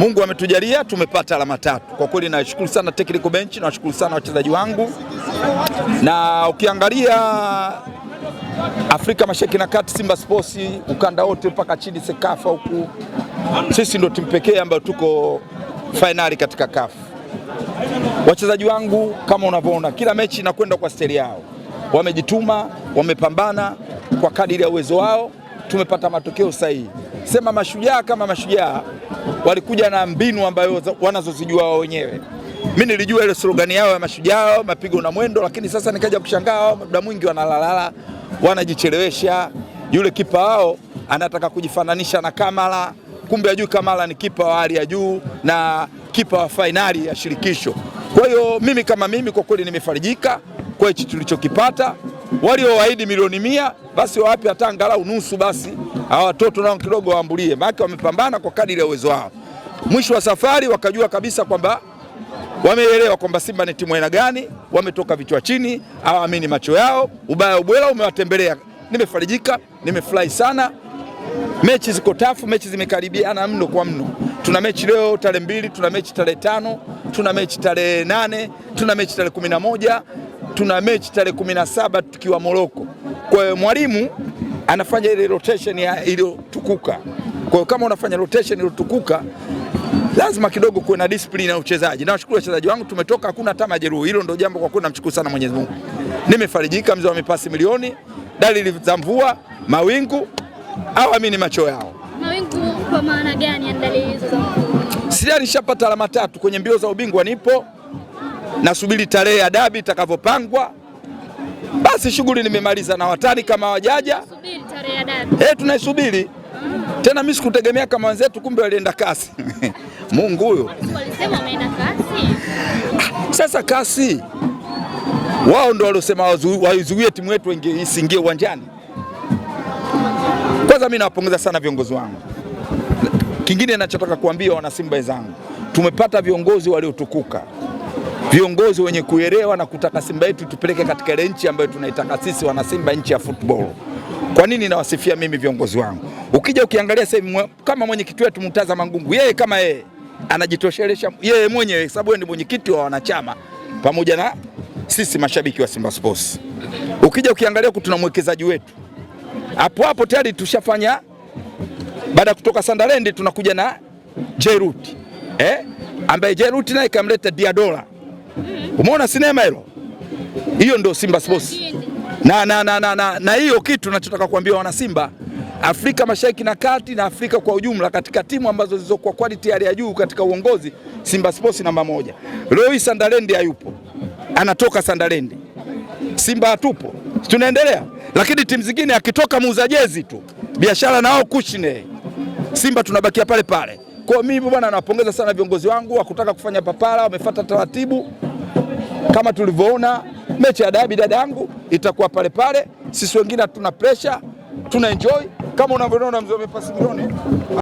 Mungu ametujalia tumepata alama tatu. Kwa kweli nashukuru sana technical bench, nashukuru sana wachezaji wangu, na ukiangalia Afrika Mashariki na Kati, Simba Sports ukanda wote mpaka chini Sekafa huku, sisi ndio timu pekee ambayo tuko fainali katika Kafu. Wachezaji wangu kama unavyoona, kila mechi inakwenda kwa steli yao, wamejituma, wamepambana kwa kadiri ya uwezo wao, tumepata matokeo sahihi sema mashujaa kama mashujaa walikuja na mbinu ambayo wanazozijua wao wenyewe. Mi nilijua ile slogani yao ya mashujaa, mapigo na mwendo, lakini sasa nikaja kushangaa muda mwingi wanalalala, wanajichelewesha. Yule kipa wao anataka kujifananisha na Kamala, kumbe ajui Kamala ni kipa wa hali ya juu na kipa wa fainali ya shirikisho. Kwa hiyo mimi kama mimi, kwa kweli nimefarijika kwa hichi tulichokipata walioahidi milioni mia basi wawape hata angalau nusu, basi hawa watoto nao kidogo waambulie, maana wamepambana kwa kadiri ya uwezo wao. Mwisho wa safari wakajua kabisa kwamba wameelewa kwamba Simba ni timu aina gani, wametoka vichwa chini, hawaamini macho yao, ubaya ubwela umewatembelea. Nimefarijika, nimefurahi sana. Mechi ziko tafu, mechi zimekaribiana mno kwa mno. Tuna mechi leo tarehe mbili, tuna mechi tarehe tano, tuna mechi tarehe nane, tuna mechi tarehe kumi na moja tuna mechi tarehe kumi na saba tukiwa Moroko. Kwa hiyo mwalimu anafanya ile rotation iliyotukuka. Kwa hiyo kama unafanya rotation iliyotukuka lazima kidogo kuwe na discipline na uchezaji. Nawashukuru wachezaji wangu, tumetoka hakuna hata majeruhi. Hilo ndio jambo kwa kweli namshukuru sana Mwenyezi Mungu. Nimefarijika, mzee wa mipasi milioni, dalili za mvua, mawingu au amini macho yao. Mawingu kwa maana gani? Dalili hizo za mvua, Siriani nishapata alama tatu kwenye mbio za ubingwa, nipo Nasubiri tarehe ya dabi itakavyopangwa, basi shughuli nimemaliza, na watani kama wajaja eh, tunaisubiri mm. tena. Mimi sikutegemea kama wenzetu, kumbe walienda kasi Mungu huyo. Ah, sasa kasi wao ndo waliosema waizuie timu yetu isiingie uwanjani. Kwanza mimi nawapongeza sana viongozi wangu. Kingine ninachotaka kuambia wana Simba wenzangu, tumepata viongozi waliotukuka viongozi wenye kuelewa na kutaka Simba yetu tupeleke katika ile nchi ambayo tunaitaka sisi wana Simba, nchi ya football. Kwa nini nawasifia mimi viongozi wangu? Ukija ukiangalia sasa hivi kama mwenyekiti wetu Murtaza Mangungu, yeye kama yeye anajitoshelesha yeye mwenyewe, sababu ni mwenyekiti wa wanachama pamoja na sisi mashabiki wa Simba Sports. Ukija ukiangalia tuna mwekezaji wetu hapo hapo tayari tushafanya, baada ya kutoka Sandalendi tunakuja na Jeruti eh, ambaye Jeruti naye kamleta Diadola. Umeona sinema hilo? Hiyo ndio Simba Sports na, na, na, na, na, na hiyo kitu nachotaka kuambia wana Simba Afrika Mashariki na Kati na Afrika kwa ujumla, katika timu ambazo zilizokuwa quality hali ya juu katika uongozi, Simba Sports namba moja. Leo hii hayupo, anatoka Sandalendi, Simba hatupo, tunaendelea. Lakini timu zingine akitoka muuza jezi tu biashara nao kushine, Simba tunabakia pale pale. Kwa mimi bwana, nawapongeza sana viongozi wangu, kutaka kufanya papara, wamefuata taratibu. Kama tulivyoona mechi ya dabi, dada yangu, itakuwa pale pale. Sisi wengine hatuna pressure, tuna enjoy kama unavyoona, mzee pasi milioni